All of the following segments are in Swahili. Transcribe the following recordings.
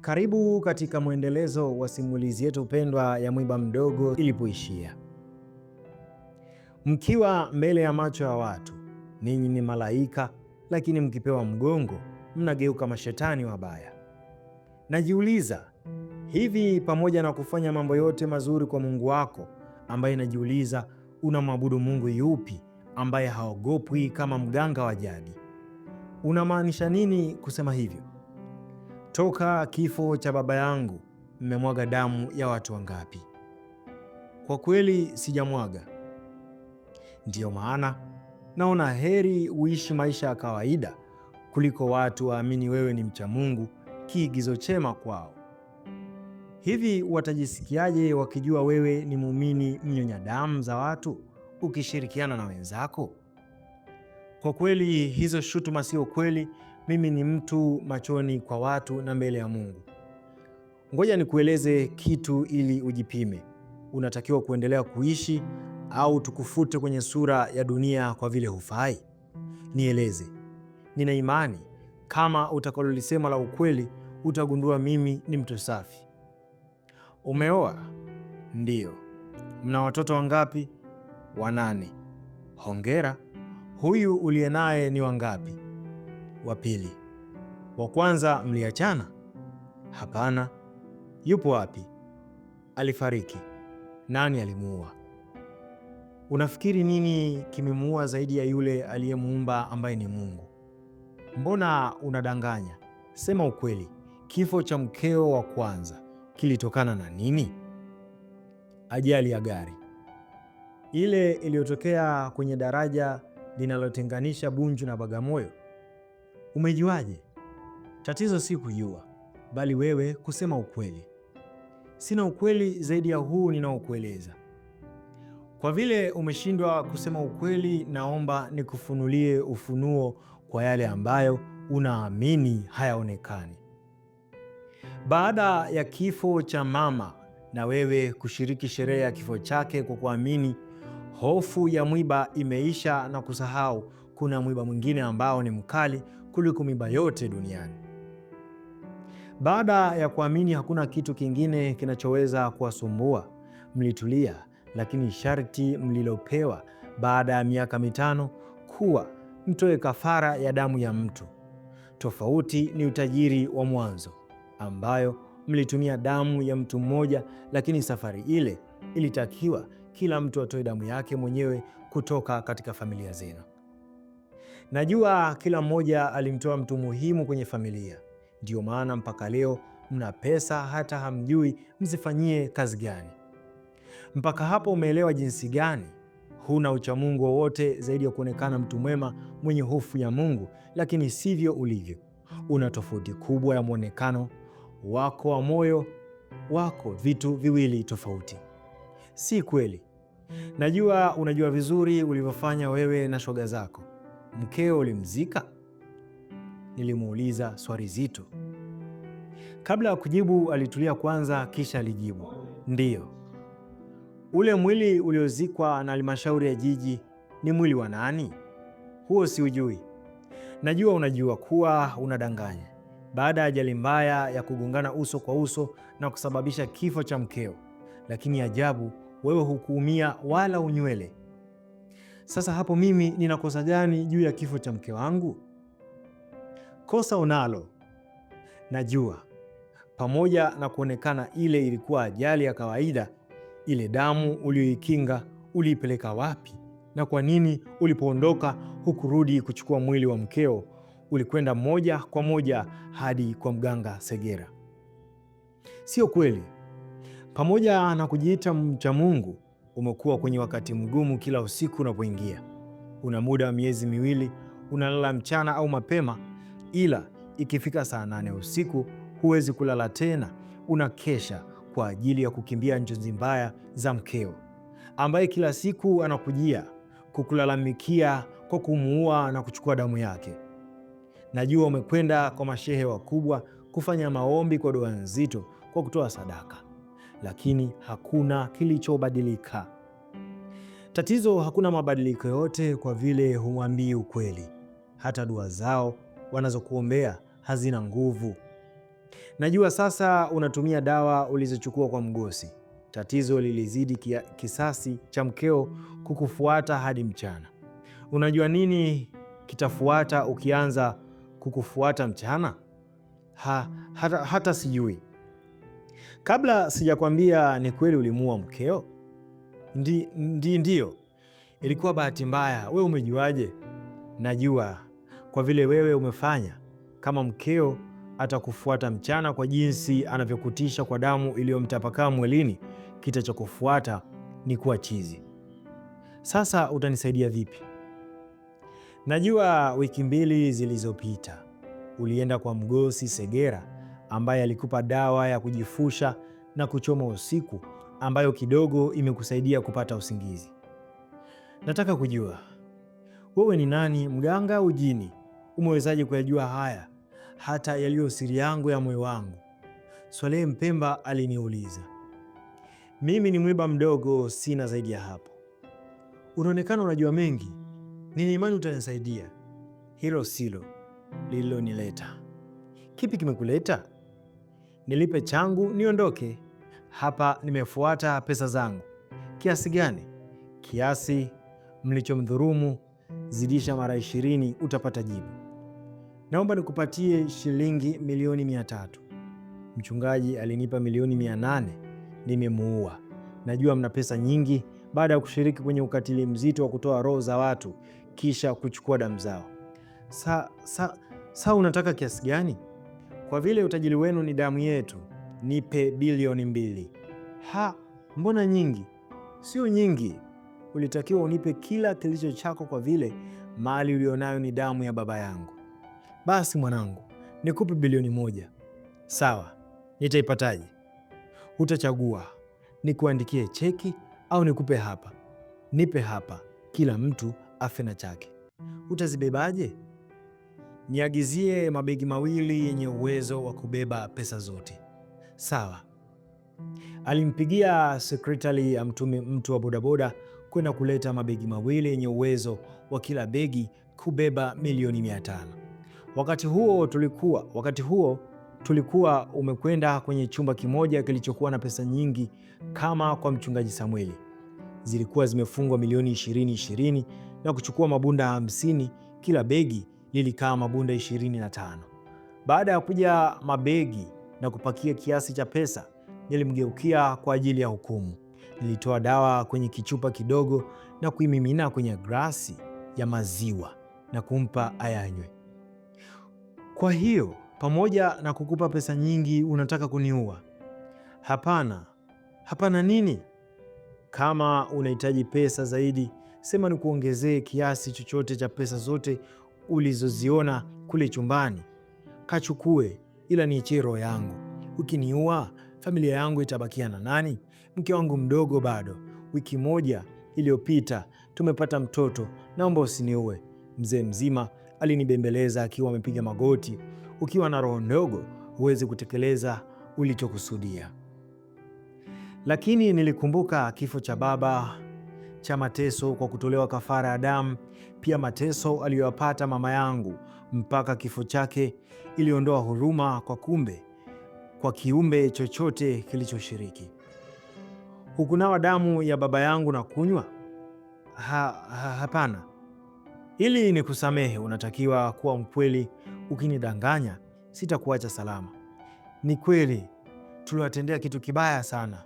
Karibu katika mwendelezo wa simulizi yetu pendwa ya Mwiba Mdogo ilipoishia. Mkiwa mbele ya macho ya watu ninyi ni malaika, lakini mkipewa mgongo mnageuka mashetani wabaya. Najiuliza, hivi pamoja na kufanya mambo yote mazuri kwa Mungu wako ambaye najiuliza unamwabudu Mungu yupi ambaye haogopwi kama mganga wa jadi? Unamaanisha nini kusema hivyo? Toka kifo cha baba yangu mmemwaga damu ya watu wangapi? Kwa kweli sijamwaga. Ndiyo maana naona heri uishi maisha ya kawaida kuliko watu waamini wewe ni mcha Mungu, kiigizo chema kwao. Hivi watajisikiaje wakijua wewe ni muumini mnyonya damu za watu ukishirikiana na wenzako? Kwa kweli hizo shutuma sio kweli mimi ni mtu machoni kwa watu na mbele ya Mungu. Ngoja nikueleze kitu ili ujipime, unatakiwa kuendelea kuishi au tukufute kwenye sura ya dunia kwa vile hufai? Nieleze. Nina imani kama utakalolisema la ukweli, utagundua mimi ni mtu safi. Umeoa? Ndiyo. Mna watoto wangapi? Wanane. Hongera. Huyu uliye naye ni wangapi? wa pili. Wa kwanza mliachana? Hapana. Yupo wapi? Alifariki. Nani alimuua? Unafikiri nini kimemuua zaidi ya yule aliyemuumba ambaye ni Mungu? Mbona unadanganya? Sema ukweli. Kifo cha mkeo wa kwanza kilitokana na nini? Ajali ya gari ile iliyotokea kwenye daraja linalotenganisha Bunju na Bagamoyo Umejuaje? Tatizo si kujua, bali wewe kusema ukweli. Sina ukweli zaidi ya huu ninaokueleza. Kwa vile umeshindwa kusema ukweli, naomba nikufunulie ufunuo kwa yale ambayo unaamini hayaonekani. Baada ya kifo cha mama na wewe kushiriki sherehe ya kifo chake kwa kuamini, hofu ya mwiba imeisha na kusahau kuna mwiba mwingine ambao ni mkali kuliko miba yote duniani. Baada ya kuamini hakuna kitu kingine kinachoweza kuwasumbua, mlitulia, lakini sharti mlilopewa baada ya miaka mitano kuwa mtoe kafara ya damu ya mtu. Tofauti ni utajiri wa mwanzo, ambayo mlitumia damu ya mtu mmoja, lakini safari ile ilitakiwa kila mtu atoe damu yake mwenyewe kutoka katika familia zenu. Najua kila mmoja alimtoa mtu muhimu kwenye familia, ndiyo maana mpaka leo mna pesa hata hamjui mzifanyie kazi gani. Mpaka hapo umeelewa jinsi gani huna uchamungu wowote zaidi ya kuonekana mtu mwema mwenye hofu ya Mungu, lakini sivyo ulivyo. Una tofauti kubwa ya mwonekano wako wa moyo wako, vitu viwili tofauti. Si kweli? Najua unajua vizuri ulivyofanya wewe na shoga zako, mkeo ulimzika? Nilimuuliza swali zito. Kabla ya kujibu, alitulia kwanza, kisha alijibu, ndiyo. Ule mwili uliozikwa na halmashauri ya jiji ni mwili wa nani? Huo si ujui. Najua unajua kuwa unadanganya. Baada ya ajali mbaya ya kugongana uso kwa uso na kusababisha kifo cha mkeo, lakini ajabu, wewe hukuumia wala unywele sasa hapo mimi ninakosa gani juu ya kifo cha mke wangu? Kosa unalo, najua, pamoja na kuonekana ile ilikuwa ajali ya kawaida. Ile damu uliyoikinga uliipeleka wapi? Na kwa nini ulipoondoka hukurudi kuchukua mwili wa mkeo? Ulikwenda moja kwa moja hadi kwa mganga Segera. Sio kweli. Pamoja na kujiita mcha Mungu, umekuwa kwenye wakati mgumu kila usiku unapoingia. Una muda wa miezi miwili, unalala mchana au mapema, ila ikifika saa nane usiku huwezi kulala tena. Unakesha kwa ajili ya kukimbia njozi mbaya za mkeo ambaye kila siku anakujia kukulalamikia kwa kumuua na kuchukua damu yake. Najua umekwenda kwa mashehe wakubwa kufanya maombi kwa dua nzito, kwa kutoa sadaka, lakini hakuna kilichobadilika. Tatizo, hakuna mabadiliko yote, kwa vile humwambii ukweli. Hata dua zao wanazokuombea hazina nguvu. Najua sasa unatumia dawa ulizochukua kwa mgosi. Tatizo lilizidi kia, kisasi cha mkeo kukufuata hadi mchana. Unajua nini kitafuata ukianza kukufuata mchana? Ha, hata, hata sijui. Kabla sijakwambia ni kweli ulimuua mkeo? Ndi, ndi, ndiyo. Ilikuwa bahati mbaya. Wewe umejuaje? Najua kwa vile wewe umefanya. Kama mkeo atakufuata mchana kwa jinsi anavyokutisha kwa damu iliyomtapakaa mwilini, kitachokufuata ni kuwa chizi. Sasa utanisaidia vipi? Najua wiki mbili zilizopita ulienda kwa mgosi Segera ambaye alikupa dawa ya kujifusha na kuchoma usiku ambayo kidogo imekusaidia kupata usingizi. Nataka kujua wewe ni nani, mganga au jini? Umewezaje kuyajua haya, hata yaliyo siri yangu ya moyo wangu? Swalehe Mpemba aliniuliza. Mimi ni mwiba mdogo, sina zaidi ya hapo. Unaonekana unajua mengi, nina imani utanisaidia. Hilo silo lililonileta. Kipi kimekuleta? nilipe changu niondoke hapa, nimefuata pesa zangu. Kiasi gani? Kiasi mlichomdhurumu, zidisha mara ishirini, utapata jibu. Naomba nikupatie shilingi milioni mia tatu. Mchungaji alinipa milioni mia nane, nimemuua. Najua mna pesa nyingi baada ya kushiriki kwenye ukatili mzito wa kutoa roho za watu kisha kuchukua damu zao. Sa, sa, sa unataka kiasi gani? kwa vile utajiri wenu ni damu yetu, nipe bilioni mbili. Ha, mbona nyingi? Sio nyingi, ulitakiwa unipe kila kilicho chako, kwa vile mali ulionayo ni damu ya baba yangu. Basi mwanangu, nikupe bilioni moja. Sawa, nitaipataje? Utachagua nikuandikie cheki au nikupe hapa? Nipe hapa, kila mtu afe na chake. Utazibebaje? niagizie mabegi mawili yenye uwezo wa kubeba pesa zote. Sawa. Alimpigia sekretari mtume mtu wa bodaboda kwenda kuleta mabegi mawili yenye uwezo wa kila begi kubeba milioni mia tano. Wakati huo tulikuwa wakati huo tulikuwa umekwenda kwenye chumba kimoja kilichokuwa na pesa nyingi kama kwa mchungaji Samueli. Zilikuwa zimefungwa milioni 20 20 na kuchukua mabunda hamsini kila begi lilikaa mabunda 25. Baada ya kuja mabegi na kupakia kiasi cha pesa, nilimgeukia kwa ajili ya hukumu. Nilitoa dawa kwenye kichupa kidogo na kuimimina kwenye glasi ya maziwa na kumpa ayanywe. Kwa hiyo pamoja na kukupa pesa nyingi unataka kuniua? Hapana, hapana nini? Kama unahitaji pesa zaidi, sema nikuongezee kiasi chochote cha pesa zote ulizoziona kule chumbani kachukue, ila niichie roho yangu. Ukiniua familia yangu itabakia na nani? Mke wangu mdogo bado, wiki moja iliyopita tumepata mtoto, naomba usiniue. Mzee mzima alinibembeleza akiwa amepiga magoti. Ukiwa na roho ndogo huwezi kutekeleza ulichokusudia. Lakini nilikumbuka kifo cha baba cha mateso kwa kutolewa kafara ya damu. Pia mateso aliyoyapata mama yangu mpaka kifo chake iliondoa huruma kwa kumbe kwa kiumbe chochote kilichoshiriki. Hukunawa damu ya baba yangu na kunywa? Ha, ha, hapana. Ili ni kusamehe, unatakiwa kuwa mkweli. Ukinidanganya sitakuacha salama. Ni kweli tuliwatendea kitu kibaya sana.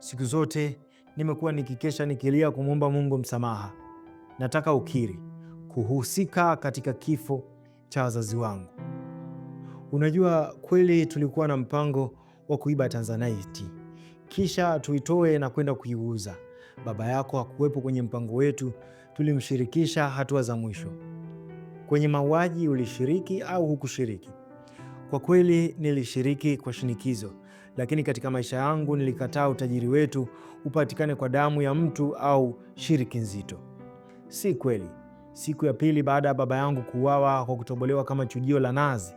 Siku zote nimekuwa nikikesha nikilia kumwomba Mungu msamaha. Nataka ukiri kuhusika katika kifo cha wazazi wangu. Unajua, kweli tulikuwa na mpango wa kuiba Tanzanite kisha tuitoe na kwenda kuiuza. Baba yako hakuwepo kwenye mpango wetu, tulimshirikisha hatua za mwisho. Kwenye mauaji ulishiriki au hukushiriki? Kwa kweli nilishiriki kwa shinikizo lakini katika maisha yangu nilikataa utajiri wetu upatikane kwa damu ya mtu au shiriki nzito. Si kweli. Siku ya pili baada ya baba yangu kuuawa kwa kutobolewa kama chujio la nazi,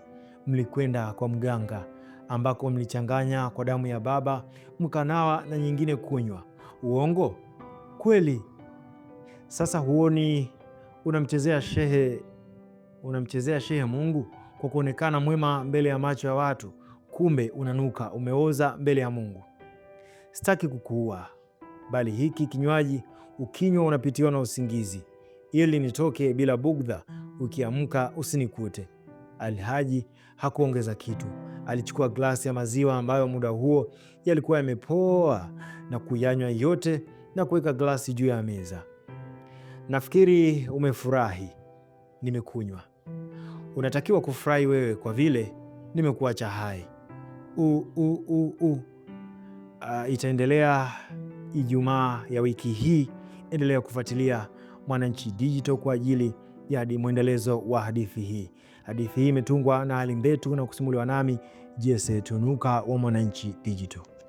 mlikwenda kwa mganga ambako mlichanganya kwa damu ya baba mkanawa na nyingine kunywa. Uongo? Kweli. Sasa huoni unamchezea shehe, unamchezea shehe Mungu kwa kuonekana mwema mbele ya macho ya watu kumbe unanuka, umeoza mbele ya Mungu. Sitaki kukuua, bali hiki kinywaji ukinywa unapitiwa na usingizi, ili nitoke bila bugdha, ukiamka usinikute. Alhaji hakuongeza kitu. Alichukua glasi ya maziwa ambayo muda huo yalikuwa yamepoa na kuyanywa yote na kuweka glasi juu ya meza. Nafikiri umefurahi. Nimekunywa. Unatakiwa kufurahi wewe, kwa vile nimekuacha hai u, u, u, u. Uh, itaendelea Ijumaa ya wiki hii. Endelea kufuatilia Mwananchi Digital kwa ajili ya mwendelezo wa hadithi hii. Hadithi hii imetungwa na Halimbetu na kusimuliwa nami Jesse Tunuka wa Mwananchi Digital.